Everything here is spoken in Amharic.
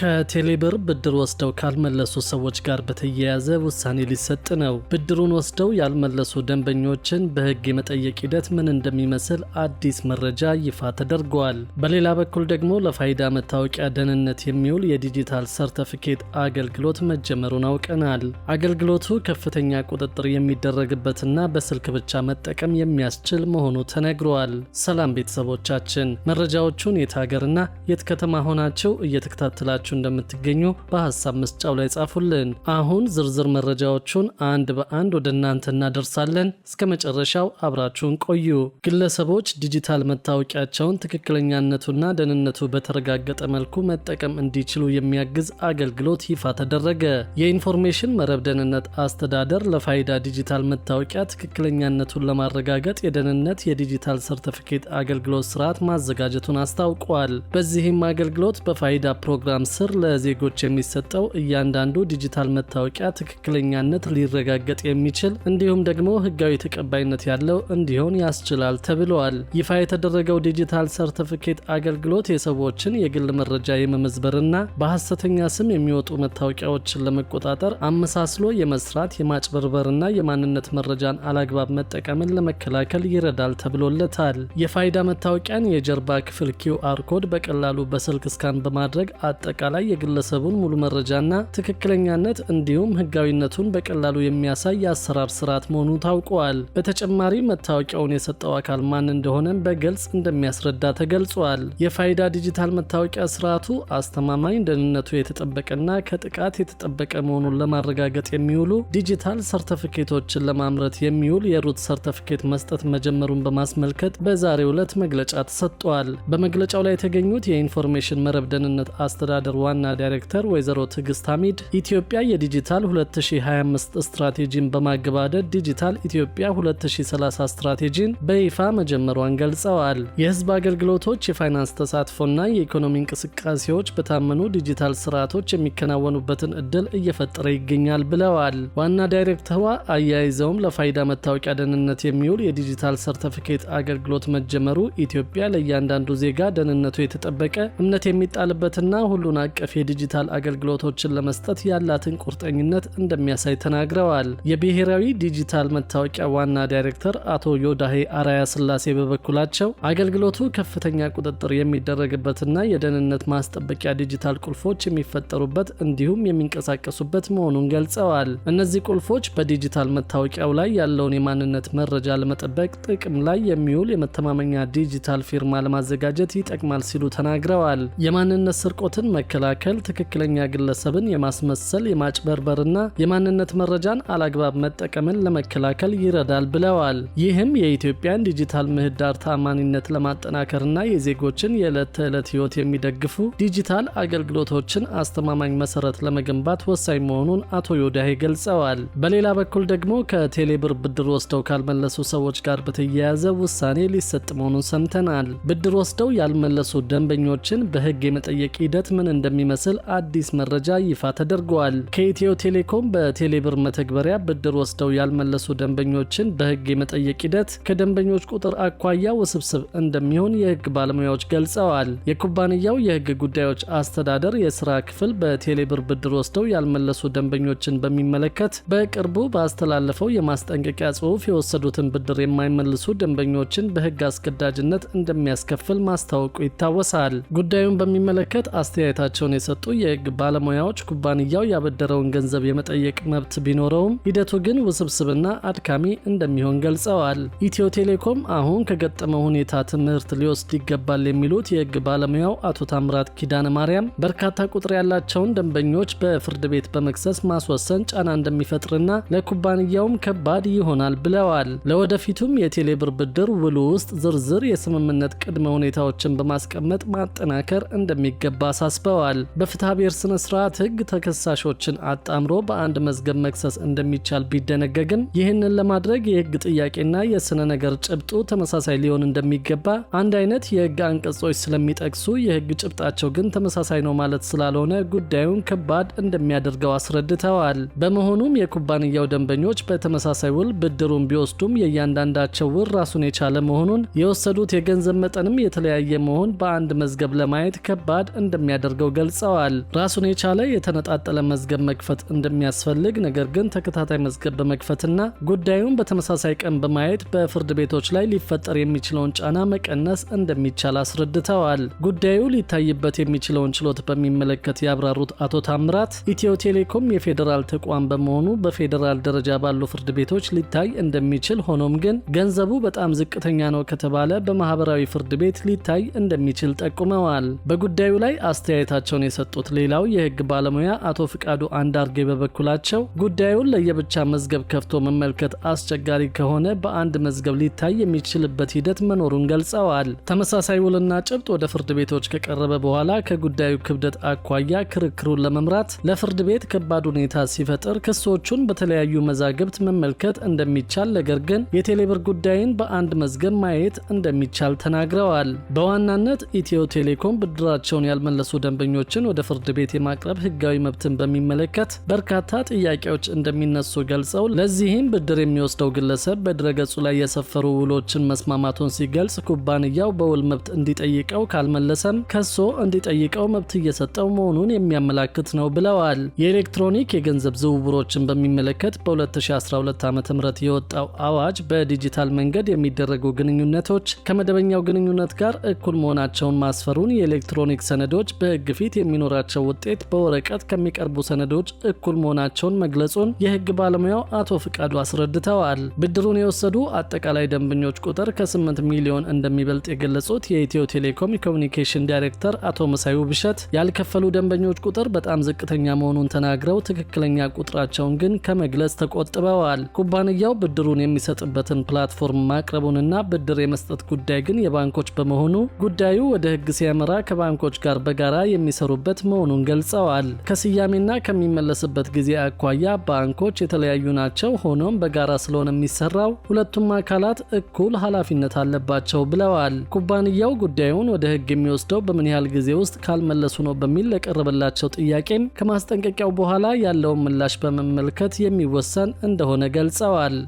ከቴሌብር ብድር ወስደው ካልመለሱ ሰዎች ጋር በተያያዘ ውሳኔ ሊሰጥ ነው። ብድሩን ወስደው ያልመለሱ ደንበኞችን በሕግ የመጠየቅ ሂደት ምን እንደሚመስል አዲስ መረጃ ይፋ ተደርጓል። በሌላ በኩል ደግሞ ለፋይዳ መታወቂያ ደህንነት የሚውል የዲጂታል ሰርተፊኬት አገልግሎት መጀመሩን አውቀናል። አገልግሎቱ ከፍተኛ ቁጥጥር የሚደረግበትና በስልክ ብቻ መጠቀም የሚያስችል መሆኑ ተነግሯል። ሰላም ቤተሰቦቻችን፣ መረጃዎቹን የት ሀገርና የት ከተማ ሆናችሁ እየተከታተላችሁ እያደመጣችሁ እንደምትገኙ በሀሳብ መስጫው ላይ ጻፉልን። አሁን ዝርዝር መረጃዎቹን አንድ በአንድ ወደ እናንተ እናደርሳለን። እስከ መጨረሻው አብራችሁን ቆዩ። ግለሰቦች ዲጂታል መታወቂያቸውን ትክክለኛነቱና ደህንነቱ በተረጋገጠ መልኩ መጠቀም እንዲችሉ የሚያግዝ አገልግሎት ይፋ ተደረገ። የኢንፎርሜሽን መረብ ደህንነት አስተዳደር ለፋይዳ ዲጂታል መታወቂያ ትክክለኛነቱን ለማረጋገጥ የደህንነት የዲጂታል ሰርተፊኬት አገልግሎት ስርዓት ማዘጋጀቱን አስታውቋል። በዚህም አገልግሎት በፋይዳ ፕሮግራም ስር ለዜጎች የሚሰጠው እያንዳንዱ ዲጂታል መታወቂያ ትክክለኛነት ሊረጋገጥ የሚችል እንዲሁም ደግሞ ህጋዊ ተቀባይነት ያለው እንዲሆን ያስችላል ተብለዋል። ይፋ የተደረገው ዲጂታል ሰርቲፊኬት አገልግሎት የሰዎችን የግል መረጃ የመመዝበርና በሐሰተኛ ስም የሚወጡ መታወቂያዎችን ለመቆጣጠር አመሳስሎ የመስራት የማጭበርበርና የማንነት መረጃን አላግባብ መጠቀምን ለመከላከል ይረዳል ተብሎለታል። የፋይዳ መታወቂያን የጀርባ ክፍል ኪውአር ኮድ በቀላሉ በስልክ ስካን በማድረግ አጠቃ ላይ የግለሰቡን ሙሉ መረጃና ትክክለኛነት እንዲሁም ህጋዊነቱን በቀላሉ የሚያሳይ የአሰራር ስርዓት መሆኑ ታውቋል። በተጨማሪ መታወቂያውን የሰጠው አካል ማን እንደሆነም በግልጽ እንደሚያስረዳ ተገልጿል። የፋይዳ ዲጂታል መታወቂያ ስርዓቱ አስተማማኝ፣ ደህንነቱ የተጠበቀና ከጥቃት የተጠበቀ መሆኑን ለማረጋገጥ የሚውሉ ዲጂታል ሰርተፊኬቶችን ለማምረት የሚውል የሩት ሰርተፊኬት መስጠት መጀመሩን በማስመልከት በዛሬው ዕለት መግለጫ ተሰጥቷል። በመግለጫው ላይ የተገኙት የኢንፎርሜሽን መረብ ደህንነት አስተዳደር ዋና ዳይሬክተር ወይዘሮ ትዕግስት ሐሚድ ኢትዮጵያ የዲጂታል 2025 ስትራቴጂን በማገባደድ ዲጂታል ኢትዮጵያ 2030 ስትራቴጂን በይፋ መጀመሯን ገልጸዋል። የህዝብ አገልግሎቶች የፋይናንስ ተሳትፎና የኢኮኖሚ እንቅስቃሴዎች በታመኑ ዲጂታል ስርዓቶች የሚከናወኑበትን እድል እየፈጠረ ይገኛል ብለዋል። ዋና ዳይሬክተሯ አያይዘውም ለፋይዳ መታወቂያ ደህንነት የሚውል የዲጂታል ሰርተፊኬት አገልግሎት መጀመሩ ኢትዮጵያ ለእያንዳንዱ ዜጋ ደህንነቱ የተጠበቀ እምነት የሚጣልበትና ሁሉን አቀፍ የዲጂታል አገልግሎቶችን ለመስጠት ያላትን ቁርጠኝነት እንደሚያሳይ ተናግረዋል። የብሔራዊ ዲጂታል መታወቂያ ዋና ዳይሬክተር አቶ ዮዳሄ አራያ ስላሴ በበኩላቸው አገልግሎቱ ከፍተኛ ቁጥጥር የሚደረግበትና የደህንነት ማስጠበቂያ ዲጂታል ቁልፎች የሚፈጠሩበት እንዲሁም የሚንቀሳቀሱበት መሆኑን ገልጸዋል። እነዚህ ቁልፎች በዲጂታል መታወቂያው ላይ ያለውን የማንነት መረጃ ለመጠበቅ ጥቅም ላይ የሚውል የመተማመኛ ዲጂታል ፊርማ ለማዘጋጀት ይጠቅማል ሲሉ ተናግረዋል። የማንነት ስርቆትን መ ለመከላከል ትክክለኛ ግለሰብን የማስመሰል የማጭበርበርና የማንነት መረጃን አላግባብ መጠቀምን ለመከላከል ይረዳል ብለዋል። ይህም የኢትዮጵያን ዲጂታል ምህዳር ታማኒነት ለማጠናከርና የዜጎችን የዕለት ተዕለት ህይወት የሚደግፉ ዲጂታል አገልግሎቶችን አስተማማኝ መሰረት ለመገንባት ወሳኝ መሆኑን አቶ ዮዳሄ ገልጸዋል። በሌላ በኩል ደግሞ ከቴሌብር ብድር ወስደው ካልመለሱ ሰዎች ጋር በተያያዘ ውሳኔ ሊሰጥ መሆኑን ሰምተናል። ብድር ወስደው ያልመለሱ ደንበኞችን በህግ የመጠየቅ ሂደት ምን እንደሚመስል አዲስ መረጃ ይፋ ተደርገዋል። ከኢትዮ ቴሌኮም በቴሌብር መተግበሪያ ብድር ወስደው ያልመለሱ ደንበኞችን በህግ የመጠየቅ ሂደት ከደንበኞች ቁጥር አኳያ ውስብስብ እንደሚሆን የህግ ባለሙያዎች ገልጸዋል። የኩባንያው የሕግ ጉዳዮች አስተዳደር የስራ ክፍል በቴሌብር ብድር ወስደው ያልመለሱ ደንበኞችን በሚመለከት በቅርቡ ባስተላለፈው የማስጠንቀቂያ ጽሑፍ የወሰዱትን ብድር የማይመልሱ ደንበኞችን በህግ አስገዳጅነት እንደሚያስከፍል ማስታወቁ ይታወሳል። ጉዳዩን በሚመለከት አስተያየታ አስተያየታቸውን የሰጡ የህግ ባለሙያዎች ኩባንያው ያበደረውን ገንዘብ የመጠየቅ መብት ቢኖረውም ሂደቱ ግን ውስብስብና አድካሚ እንደሚሆን ገልጸዋል። ኢትዮ ቴሌኮም አሁን ከገጠመው ሁኔታ ትምህርት ሊወስድ ይገባል የሚሉት የህግ ባለሙያው አቶ ታምራት ኪዳነ ማርያም በርካታ ቁጥር ያላቸውን ደንበኞች በፍርድ ቤት በመክሰስ ማስወሰን ጫና እንደሚፈጥርና ለኩባንያውም ከባድ ይሆናል ብለዋል። ለወደፊቱም የቴሌብር ብድር ውሉ ውስጥ ዝርዝር የስምምነት ቅድመ ሁኔታዎችን በማስቀመጥ ማጠናከር እንደሚገባ አሳስበዋል። ብለዋል። በፍትሐ ብሔር ስነ ስርዓት ህግ ተከሳሾችን አጣምሮ በአንድ መዝገብ መክሰስ እንደሚቻል ቢደነገግም ይህንን ለማድረግ የህግ ጥያቄና የስነ ነገር ጭብጡ ተመሳሳይ ሊሆን እንደሚገባ አንድ አይነት የህግ አንቀጾች ስለሚጠቅሱ የህግ ጭብጣቸው ግን ተመሳሳይ ነው ማለት ስላልሆነ ጉዳዩን ከባድ እንደሚያደርገው አስረድተዋል። በመሆኑም የኩባንያው ደንበኞች በተመሳሳይ ውል ብድሩን ቢወስዱም የእያንዳንዳቸው ውል ራሱን የቻለ መሆኑን የወሰዱት የገንዘብ መጠንም የተለያየ መሆን በአንድ መዝገብ ለማየት ከባድ እንደሚያደርገው ገልጸዋል። ራሱን የቻለ የተነጣጠለ መዝገብ መክፈት እንደሚያስፈልግ፣ ነገር ግን ተከታታይ መዝገብ በመክፈትና ጉዳዩን በተመሳሳይ ቀን በማየት በፍርድ ቤቶች ላይ ሊፈጠር የሚችለውን ጫና መቀነስ እንደሚቻል አስረድተዋል። ጉዳዩ ሊታይበት የሚችለውን ችሎት በሚመለከት ያብራሩት አቶ ታምራት ኢትዮ ቴሌኮም የፌዴራል ተቋም በመሆኑ በፌዴራል ደረጃ ባሉ ፍርድ ቤቶች ሊታይ እንደሚችል ሆኖም ግን ገንዘቡ በጣም ዝቅተኛ ነው ከተባለ በማህበራዊ ፍርድ ቤት ሊታይ እንደሚችል ጠቁመዋል። በጉዳዩ ላይ አስተያየታ አስተያየታቸውን የሰጡት ሌላው የህግ ባለሙያ አቶ ፍቃዱ አንዳርጌ በበኩላቸው ጉዳዩን ለየብቻ መዝገብ ከፍቶ መመልከት አስቸጋሪ ከሆነ በአንድ መዝገብ ሊታይ የሚችልበት ሂደት መኖሩን ገልጸዋል። ተመሳሳይ ውልና ጭብጥ ወደ ፍርድ ቤቶች ከቀረበ በኋላ ከጉዳዩ ክብደት አኳያ ክርክሩን ለመምራት ለፍርድ ቤት ከባድ ሁኔታ ሲፈጥር ክሶቹን በተለያዩ መዛግብት መመልከት እንደሚቻል፣ ነገር ግን የቴሌብር ጉዳይን በአንድ መዝገብ ማየት እንደሚቻል ተናግረዋል። በዋናነት ኢትዮ ቴሌኮም ብድራቸውን ያልመለሱ ደንበ ጥፋተኞችን ወደ ፍርድ ቤት የማቅረብ ህጋዊ መብትን በሚመለከት በርካታ ጥያቄዎች እንደሚነሱ ገልጸው ለዚህም ብድር የሚወስደው ግለሰብ በድረገጹ ላይ የሰፈሩ ውሎችን መስማማቱን ሲገልጽ ኩባንያው በውል መብት እንዲጠይቀው ካልመለሰም ከሶ እንዲጠይቀው መብት እየሰጠው መሆኑን የሚያመላክት ነው ብለዋል። የኤሌክትሮኒክ የገንዘብ ዝውውሮችን በሚመለከት በ2012 ዓ ም የወጣው አዋጅ በዲጂታል መንገድ የሚደረጉ ግንኙነቶች ከመደበኛው ግንኙነት ጋር እኩል መሆናቸውን ማስፈሩን የኤሌክትሮኒክ ሰነዶች በህግ ወደፊት የሚኖራቸው ውጤት በወረቀት ከሚቀርቡ ሰነዶች እኩል መሆናቸውን መግለጹን የህግ ባለሙያው አቶ ፍቃዱ አስረድተዋል። ብድሩን የወሰዱ አጠቃላይ ደንበኞች ቁጥር ከ8 ሚሊዮን እንደሚበልጥ የገለጹት የኢትዮ ቴሌኮም የኮሚኒኬሽን ዳይሬክተር አቶ መሳዩ ብሸት ያልከፈሉ ደንበኞች ቁጥር በጣም ዝቅተኛ መሆኑን ተናግረው ትክክለኛ ቁጥራቸውን ግን ከመግለጽ ተቆጥበዋል። ኩባንያው ብድሩን የሚሰጥበትን ፕላትፎርም ማቅረቡንና ብድር የመስጠት ጉዳይ ግን የባንኮች በመሆኑ ጉዳዩ ወደ ህግ ሲያመራ ከባንኮች ጋር በጋራ የሚሰሩበት መሆኑን ገልጸዋል። ከስያሜና ከሚመለስበት ጊዜ አኳያ ባንኮች የተለያዩ ናቸው። ሆኖም በጋራ ስለሆነ የሚሰራው ሁለቱም አካላት እኩል ኃላፊነት አለባቸው ብለዋል። ኩባንያው ጉዳዩን ወደ ህግ የሚወስደው በምን ያህል ጊዜ ውስጥ ካልመለሱ ነው በሚል ለቀረበላቸው ጥያቄም ከማስጠንቀቂያው በኋላ ያለውን ምላሽ በመመልከት የሚወሰን እንደሆነ ገልጸዋል።